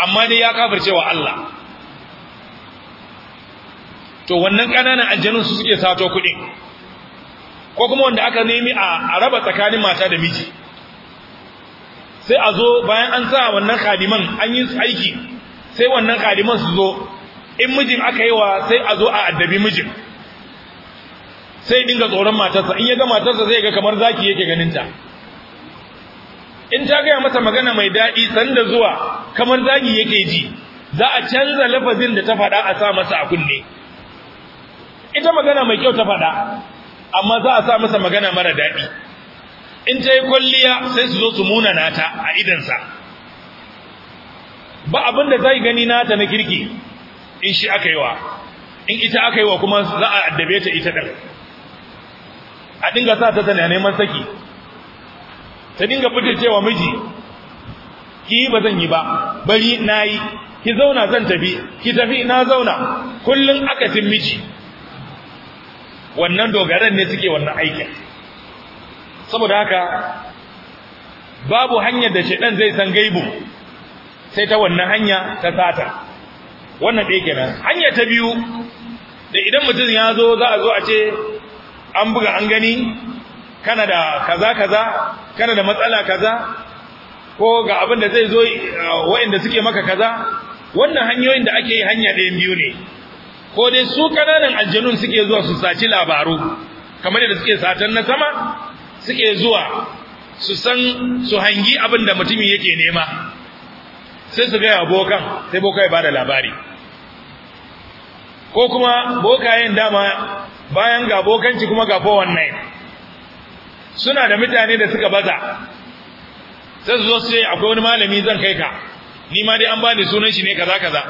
amma dai ya kafircewa wa Allah to wannan ƙananan aljanun su suke sato kuɗin ko kuma wanda aka nemi a raba tsakanin mata da miji sai a zo bayan an sa wannan kadiman an yi aiki sai wannan kadiman su zo in mijin aka yi wa sai a zo a addabi mijin sai dinga tsoron matarsa in ya ga matarsa zai ga kamar zaki yake ganinta in ta gaya masa magana mai daɗi sanda zuwa kamar zaki yake ji za a canza lafazin da ta faɗa a sa masa a kunne ita magana mai kyau ta faɗa amma za a sa masa magana mara daɗi in ta yi kwalliya sai su zo su muna nata a idansa ba abin da zai gani nata na kirki in shi aka yi wa in ita aka yi wa kuma za a addabe ta ita ɗan a dinga sa ta tana neman saki ta dinga cewa miji ki ba zan yi ba bari na yi ki zauna zan tafi ki tafi na zauna kullum akasin miji wannan dogaran ne suke wannan aikin saboda haka babu hanyar da shedan zai san gaibu sai ta wannan hanya ta sata wannan ɗaya kenan hanya ta biyu da idan mutum ya zo za a zo a ce an buga an gani kana da kaza kaza kana da matsala kaza ko ga abin da zai zo uh, waɗanda suke maka kaza wannan hanyoyin da ake yi hanya ɗayan biyu ne ko dai su kananan aljanun suke zuwa su saci labaru kamar yadda suke satan na sama suke zuwa su san su hangi abin da mutumin yake nema sai su gaya bokan sai boka ya bada labari ko kuma bokayen dama bayan ga bokanci kuma ga nai suna da mutane da suka baza sai su zo su ce akwai wani malami zan kai ka ni ma dai an bani sunan shi ne kaza kaza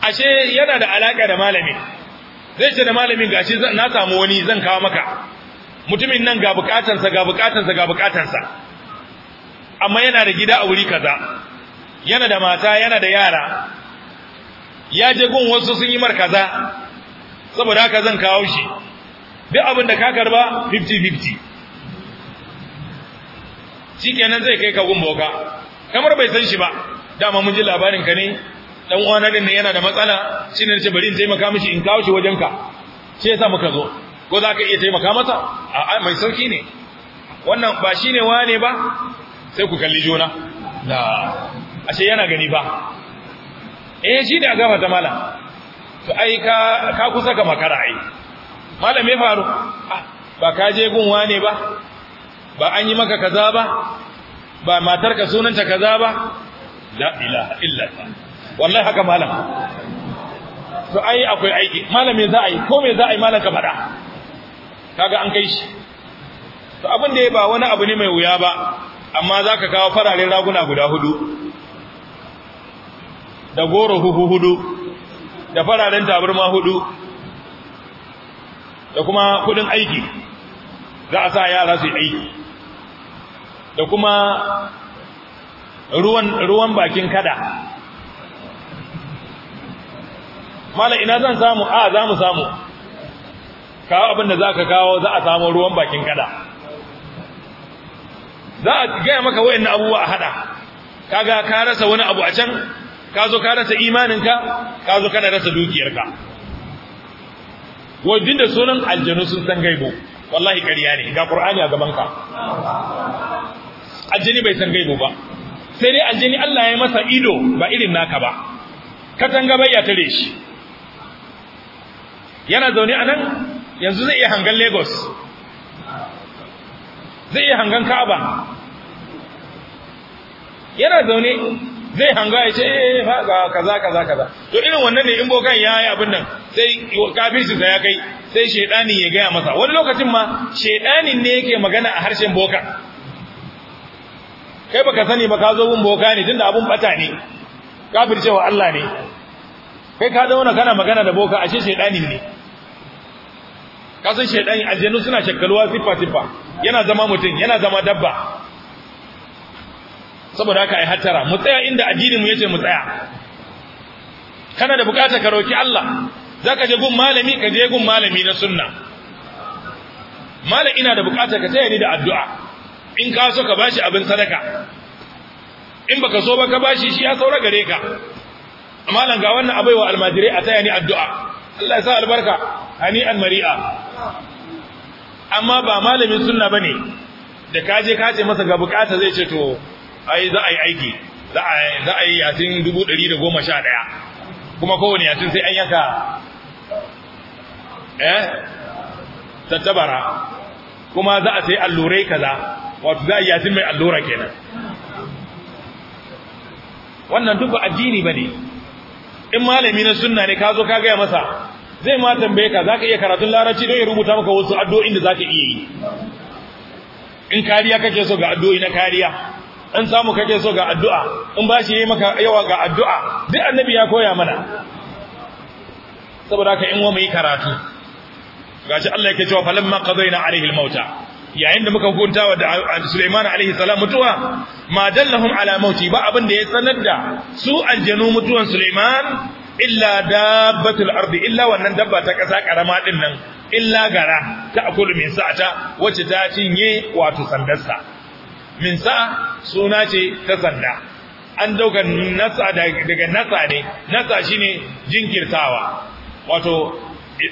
ashe yana da alaka da malami zai ce da malamin gashi na samu wani zan kawo maka mutumin nan ga bukatansa ga bukatansa ga bukatansa amma yana da gida a wuri kaza yana da mata yana da yara ya je gun wasu sun yi mar kaza saboda haka zan kawo shi duk abin da ka karba 50-50 kenan zai kai ka gun boka kamar bai san shi ba dama mun ji labarin ka ne dan uwana din yana da matsala shine nace bari in taimaka mishi in kawo shi wajenka shi yasa muka zo ko za ka iya taimaka masa a mai sauki ne wannan ba shine wane ba sai ku kalli juna da ashe yana gani ba eh shi da gafa ta mala to ai ka ka kusa ka makara ai malam me faru ah, ba ka je gun wane ba ba an yi maka kaza ba ba matarka sunanta kaza ba la ilaha illallah wallahi haka malam to ai akwai aiki malam me za a yi ko me za a yi malam ka faɗa kaga an kai shi to abin da ya ba wani abu ne mai wuya ba amma za ka kawo fararen raguna guda hudu da goro huhu hudu da fararen taburma hudu da kuma kudin aiki za a sa yara su yi aiki da kuma ruwan bakin kada mala ina zan samu a za mu samu kawo abin da za ka kawo za a samu ruwan bakin kada za a gaya maka wa'in na abubuwa a haɗa kaga ka rasa wani abu a can ka zo ka rasa imaninka ka zo kana rasa dukiyarka wajen da sunan aljanu sun san gaibo wallahi ƙarya ne ga ƙur'ani a gabanka aljini bai san gaibo ba sai dai aljini Allah ya masa ido ba irin naka ba katanga bai ya tare shi yana zaune a nan yanzu zai iya hangan lagos zai iya hangan ka'aba yana zaune zai hanga ya ce eh ga kaza kaza kaza to irin wannan ne in bokan ya yi abin nan sai kafin su ya kai sai shaidani ya gaya masa wani lokacin ma shaidanin ne yake magana a harshen boka kai baka sani ba ka zo bin boka ne tunda abun bata ne cewa Allah ne kai ka zauna kana magana da boka ashe shaidanin ne Ka kasan shaidan aljanu suna shakkaluwa sifa-sifa yana zama mutum yana zama dabba saboda haka ai hattara mu tsaya inda addinin mu yace mu tsaya kana da bukata ka roki Allah zaka je gun malami ka je gun malami na sunna malam ina da bukata ka taya ni da addu'a in ka so ka bashi abin sadaka in baka so ba ka bashi shi ya saura gare ka malam ga wannan abaiwa almajirai a taya ni addu'a Allah ya sa albarka hani'an mari'a amma ba malamin sunna bane da kaje kace masa ga bukata zai ce to ai za a yi aiki za a za a yi yatin 111 kuma kowane yatin sai an yaka eh tattabara kuma za a sai allurai kaza wato za a yi yatin mai allura kenan wannan duk ba addini bane in malami na sunna ne ka zo ka gaya masa zai ma tambaye ka zaka iya karatun larabci don ya rubuta maka wasu addu'o'in da zaka iya yi in kariya kake so ga addu'o'i na kariya in samu kake so ga addu'a in bashi yayi maka yawa ga addu'a duk annabi ya koya mana saboda ka in wa mu karatu gashi Allah yake cewa falamma qadayna alaihi almauta yayin da muka hukunta wa Sulaiman alayhi salam mutuwa ma dallahum ala mauti ba abin da ya sanar da su aljanu mutuwan Sulaiman illa dabbatul ardi illa wannan dabba ta kasa karama din nan illa gara ta akulu min sa'ata wacce ta cinye wato sandarsa min sa'a suna ce ta sanda an dauka nasa daga nasa ne nasa shine jinkirtawa wato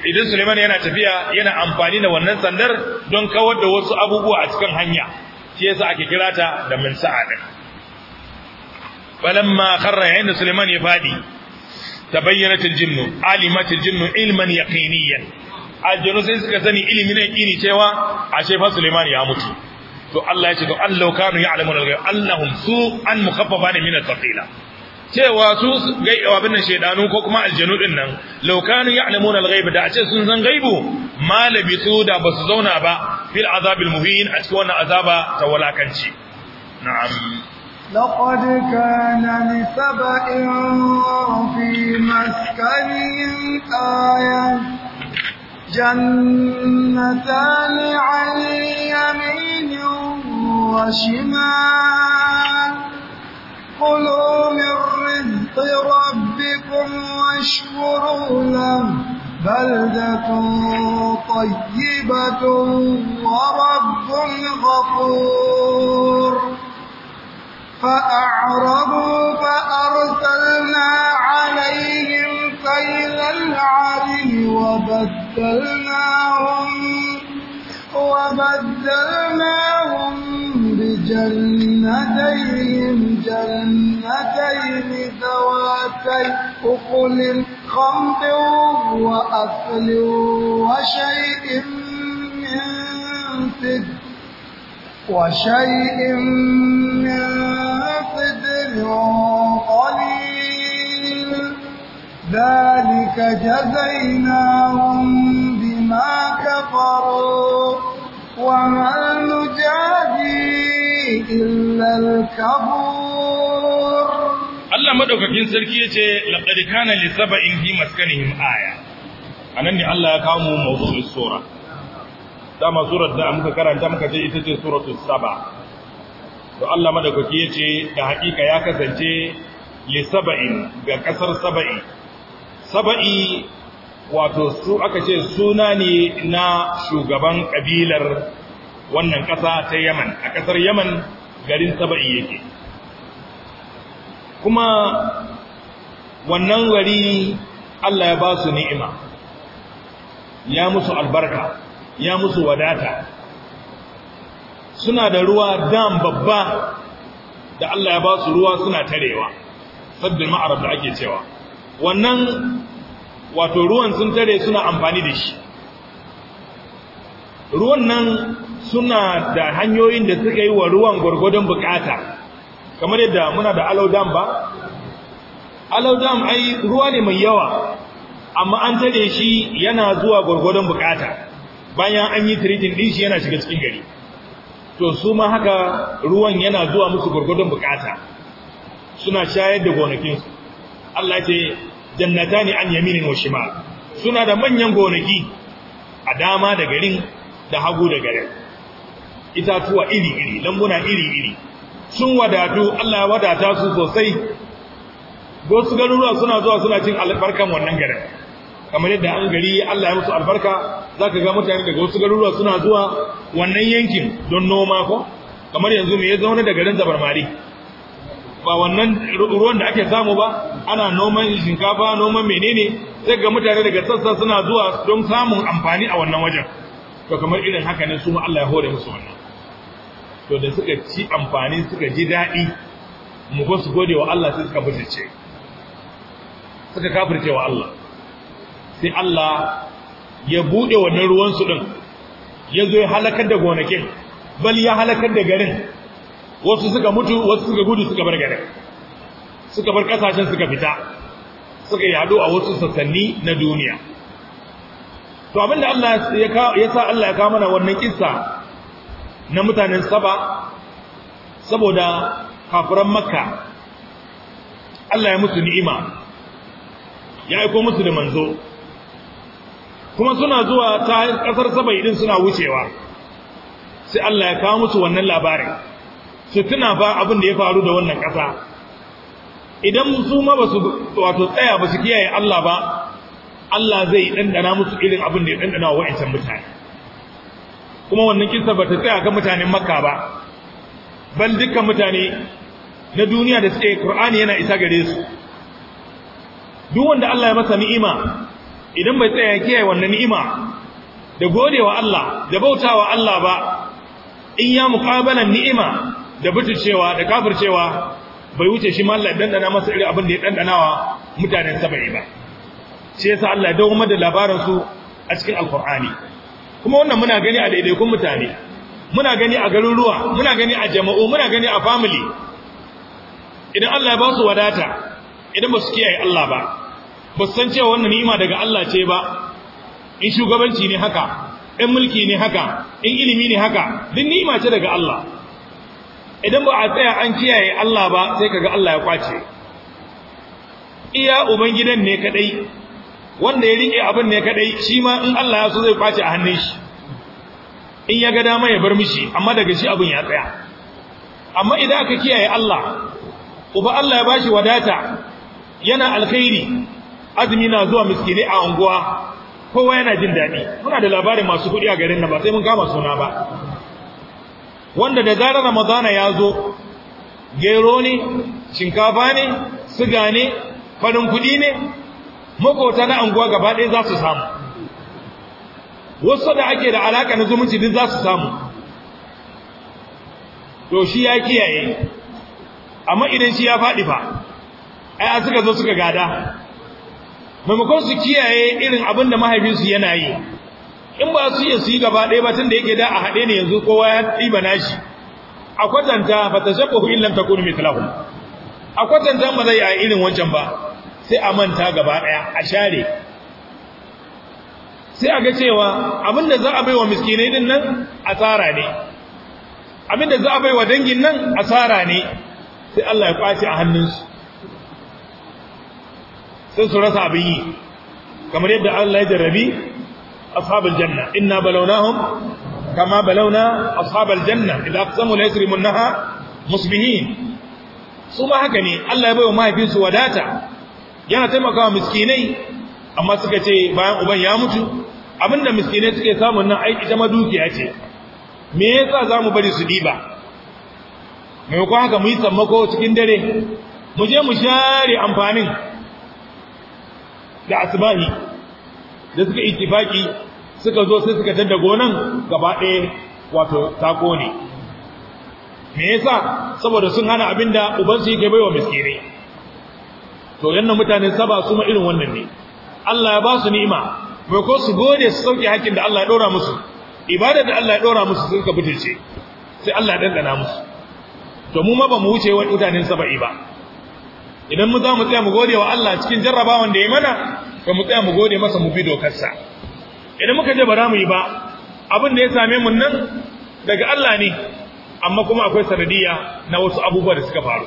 idan Suleiman yana tafiya yana amfani da wannan sandar don kawar da wasu abubuwa a cikin hanya shi yasa ake kira ta da min sa'a din falamma kharra yayin da Suleiman ya fadi tabayyanat aljinnu alimat aljinnu ilman yaqiniyan aljinnu sai suka sani ilimin yaqini cewa ashe fa Suleiman ya mutu to Allah yace ce to Allah kanu ya'lamuna al-ghaib annahum su an mukhaffafan min al-thaqila cewa su gai abin nan shedanu ko kuma aljanu din nan law kanu ya'lamuna al da a ce sun san gaibu ma labisu da basu zauna ba fil azabil muhin a cikin wannan azaba ta walakanci na'am لقد كان لسبأ في مسكنهم آية جنتان عن يمين وشمال قلوا من رزق ربكم واشكروا له بلدة طيبة ورب غفور فأعرضوا فأرسلنا عليهم سيل العرم وبدلناهم وبدلناهم بجنتيهم جنتين ذواتي أكل خمط وأصل وشيء من سدر وشيء من فدر قليل ذلك جزيناهم بما كفروا وما نجازي إلا الكفور Allah madaukakin sarki yace laqad kana li sab'in fi maskanihim aya nan ne Allah ya kawo mu dama surar da muka karanta muka ce ita ce suratu saba to Allah madaukaki yace da hakika ya kasance li saba'in ga kasar saba'i saba'i wato su aka ce suna ne na shugaban kabilar wannan kasa ta Yaman a kasar Yaman garin saba'i yake kuma wannan gari Allah ya ba su ni'ima ya musu albarka ya musu wadata suna da ruwa dam babba da Allah ya ba su ruwa suna tarewa sabbin ma'arab da ake cewa wannan wato ruwan sun tare suna amfani da shi ruwan nan suna da hanyoyin da suka yi wa ruwan gwargwadon bukata kamar yadda muna da dam ba dam ai ruwa ne mai yawa amma an tare shi yana zuwa gwargwadon bukata bayan an yi tiritin din yana shiga cikin gari to su ma haka ruwan yana zuwa musu gurgurdun bukata suna shayar da gonakinsu Allah ce jannatani an yaminin wa shima suna da manyan gonaki a dama da garin da hagu da garin itatuwa iri iri lambuna iri iri sun wadatu Allah ya wadata su sosai wasu garuruwa suna zuwa suna cin albarkan wannan garin kamar yadda an gari Allah ya musu albarka ka ga mutane daga wasu garuruwa suna zuwa wannan yankin don noma ko kamar yanzu me ya zaune da garin zabarmari ba wannan ruwan da ake samu ba ana noman shinkafa noman menene sai ga mutane daga sassa suna zuwa don samun amfani a wannan wajen to kamar irin haka ne su Allah ya hore musu wannan to da suka ci amfani suka ji daɗi mu ba su gode wa Allah sai suka ce suka kafirce wa Allah sai Allah ya buɗe wannan ruwansu ɗin ya zo ya halakar da gonakin bal ya halakar da garin wasu suka mutu wasu suka gudu suka bar garin suka bar kasashen suka fita suka yado a wasu sassanni na duniya to abinda Allah ya sa Allah ya kawo mana wannan kissa na mutanen Saba saboda kafiran Makka Allah ya musu ni'ima ya aiko musu da manzo kuma suna zuwa ta kasar sabai din suna wucewa sai Allah ya kawo musu wannan labarin su tuna ba abin da ya faru da wannan kasa idan su ma su wato tsaya ba su kiyaye Allah ba Allah zai dandana musu irin abin da ya dandana wa wa'ancan mutane kuma wannan kisa ba ta tsaya ga mutanen Makka ba bal dukkan mutane na duniya da suke Qur'ani yana isa gare su duk wanda Allah ya masa ni'ima idan bai tsaya kiyaye wannan ni'ima da godewa Allah da bautawa Allah ba in ya muqabalan ni'ima da butucewa da kafircewa bai wuce shi ma dan dandana masa irin abin da ya dandanawa mutanen saba'i ba sai yasa Allah ya dawo da labarin su a cikin alqur'ani kuma wannan muna gani a daidaikun mutane muna gani a garuruwa muna gani a jama'u muna gani a family idan Allah ya ba su wadata idan ba su kiyaye Allah ba ba su san cewa wannan ni'ima daga Allah ce ba in shugabanci ne haka in mulki ne haka in ilimi ne haka duk ni'ima ce daga Allah idan ba a tsaya an kiyaye Allah ba sai kaga Allah ya kwace iya ubangidan ne kadai wanda ya rike abin ne kadai shi ma in Allah ya so zai kwace a hannun shi in ya ga dama ya bar mishi amma daga shi abin ya tsaya amma idan aka kiyaye Allah uba Allah ya bashi wadata yana alkhairi azumi na zuwa miskini a unguwa kowa yana jin daɗi muna da labarin masu kuɗi a garin nan ba sai mun kama suna ba wanda da zarar ramadana ya zo gero ne shinkafa ne siga ne farin kuɗi ne makota na unguwa gaba ɗaya za su samu wasu da ake da alaƙa na zumunci din za su samu to shi ya kiyaye amma idan shi ya faɗi fa ai a suka zo suka gada maimakon su kiyaye irin abin da mahaifinsu yana yi in ba su iya su yi gaba ɗaya ba tun da yake da a haɗe ne yanzu kowa ya ɗiba nashi a kwatanta ba ta illan ta illam mai talahu a kwatanta ba zai a irin wancan ba sai a manta gaba ɗaya a share sai a ga cewa abin da za a baiwa miskinai din nan asara ne abin da za a baiwa dangin nan asara ne sai Allah ya kwace a hannunsu Sun su rasa abin yi kamar yadda Allah ya jarrabi ashabul janna inna balawnahum kama balawna ashabul janna idza aqsamu la yasrimunha musbihin su ma haka ne Allah ya bayo mahaifinsu wadata yana taimakawa miskinai amma suka ce bayan uban ya mutu abinda miskinai suke samu nan ai ita ma dukiya ce me yasa zamu bari su diba mai ko haka mu yi sammako cikin dare mu je mu share amfanin da asma'i da suka ittifaki suka zo sai suka tada gonan gaba ɗaya wato tako ne me yasa saboda sun hana abinda ubansu yake baiwa miskire to yanna mutane saba su ma irin wannan ne Allah ya ba su ni'ima bai ko su gode su sauke hakkin da Allah ya dora musu ibada da Allah ya dora musu sun ka butulce sai Allah ya dandana musu to mu ma ba mu wuce wa mutanen saba'i ba idan mu za mu tsaya mu gode wa Allah cikin jarrabawan da ya mana to mu tsaya mu gode masa mu bi dokarsa idan muka je ba za mu yi ba abin da ya same mu nan daga Allah ne amma kuma akwai sanadiyya na wasu abubuwa da suka faru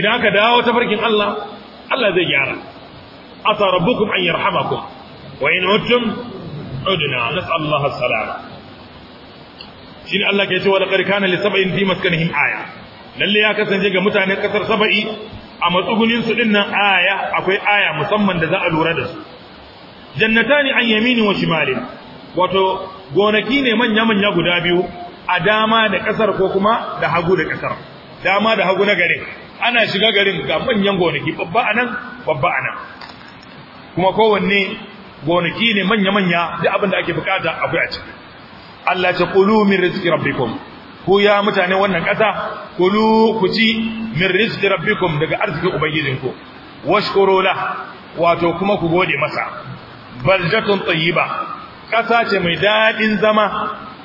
idan aka dawo ta farkin Allah Allah zai gyara asa rabbukum an yarhamakum wa in utum udna nas'alullaha as-salama Shin Allah ke cewa da kana li sab'in fi maskanihim aya lalle ya kasance ga mutanen kasar saba'i a matsugunin su nan aya akwai aya musamman da za a lura da su jannatani an yamini wa shimali wato gonaki ne manya manya guda biyu a dama da kasar ko kuma da hagu da kasar dama da hagu na garin ana shiga garin ga manyan gonaki babba anan babba anan kuma kowanne gonaki ne manya manya da abin da ake bukata akwai a ciki Allah ta qulu min rizqi rabbikum ku ya mutane wannan ƙasa kulu ku ci min rizqi rabbikum daga arzikin ubangijinku washkuru la wato kuma ku gode masa baldatun tayyiba ƙasa ce mai dadin zama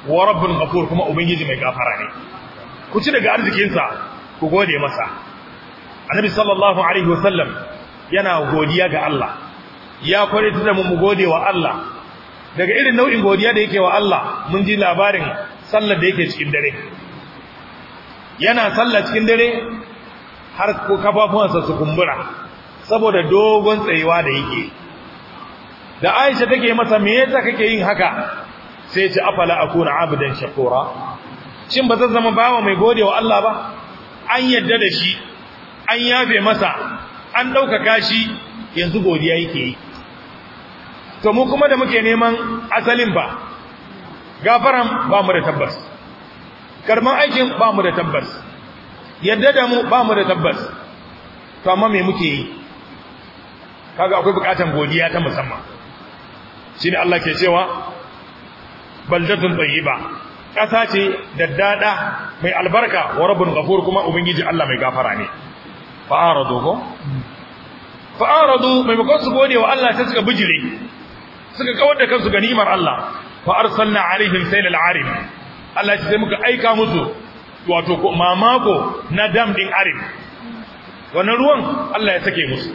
wa rabbul ghafur kuma ubangiji mai gafara ne ku ci daga arzikinsa ku gode masa annabi sallallahu alaihi wasallam yana godiya ga Allah ya kware da mu gode wa Allah daga irin nau'in godiya da yake wa Allah mun ji labarin sallar da yake cikin dare yana sallar cikin dare har kafafuwansa su kumbura saboda dogon tsayuwa da yake da Aisha take masa me yasa kake yin haka sai ce afala akuna abdan shakura shin ba zan zama bawa mai gode wa Allah ba an yadda da shi an yafe masa an ɗaukaka shi yanzu godiya yake yi to mu kuma da muke neman asalin ba gafaran ba mu da tabbas karman aikin ba mu da tabbas yadda da mu ba mu da tabbas to amma me muke yi kaga akwai bukatan godiya ta musamman shine Allah ke cewa baldatun tayyiba ƙasa ce daddada mai albarka wa rabbun ghafur kuma ubangiji Allah mai gafara ne aradu ko fa'aradu maimakon su gode wa Allah sai suka bijire suka kawar da kansu ga ni'imar Allah fa arsalna alaihim sayl al'arim Allah ya ce sai muka aika musu wato ko mamako na dam din arim wannan ruwan Allah ya sake musu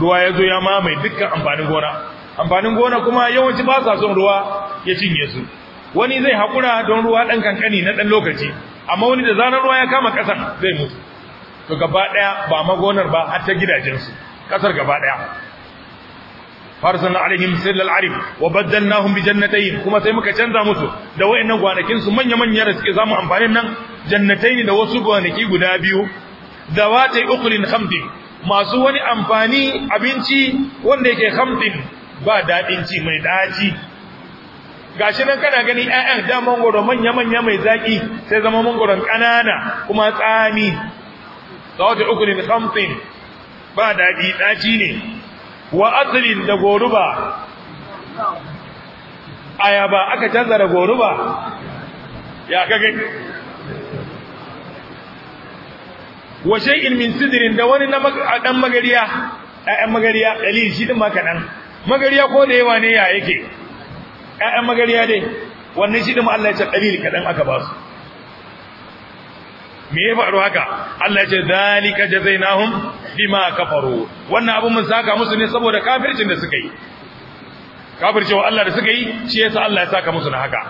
ruwa ya zo ya mamaye dukkan amfanin gona amfanin gona kuma yawanci ba sa son ruwa ya cinye su wani zai hakura don ruwa dan kankani na dan lokaci amma wani da zanar ruwa ya kama kasar zai mutu to gaba daya ba magonar ba har ta gidajen su, kasar gaba daya farsalna alaihim sirral arif wa badalnahum bi jannatayn kuma sai muka canza musu da wayannan gwanakin su manya manya da suke zamu amfanin nan jannatayn da wasu gwanaki guda biyu dawati ukhlin khamdin masu wani amfani abinci wanda yake khamdin ba dadin ci mai daci gashi nan kana gani ƴaƴan da mangoro manya manya mai zaki sai zama mangoron kanana kuma tsami dawati ukhlin khamdin ba dadi daci ne wa aslin da goruba ayaba aka canza da goruba ya kage wa shay'in min sidrin da wani dan magariya ɗayan magariya dalil shi din ma kadan magariya ko da yawa ne ya yake ɗayan magariya dai wannan shi din Allah ya ce dalil kadan aka ba su me ya faru haka Allah ya ce zalika jazainahum bima kafaru wannan abun mun saka musu ne saboda kafircin da suka yi kafircewa Allah da suka yi shi yasa Allah ya saka musu na haka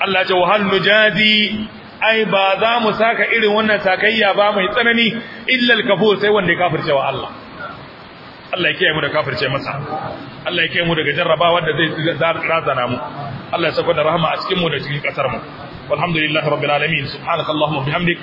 Allah ya ce wahal nujadi ai ba za mu saka irin wannan sakayya ba mai tsanani illa al-kafur sai wanda ya kafircewa Allah Allah ya kiyaye mu da kafirce masa Allah ya kiyaye mu daga jarrabawa da zai razana mu Allah ya sako da rahama a cikin mu da cikin kasar mu walhamdulillahi rabbil alamin subhanakallahumma bihamdika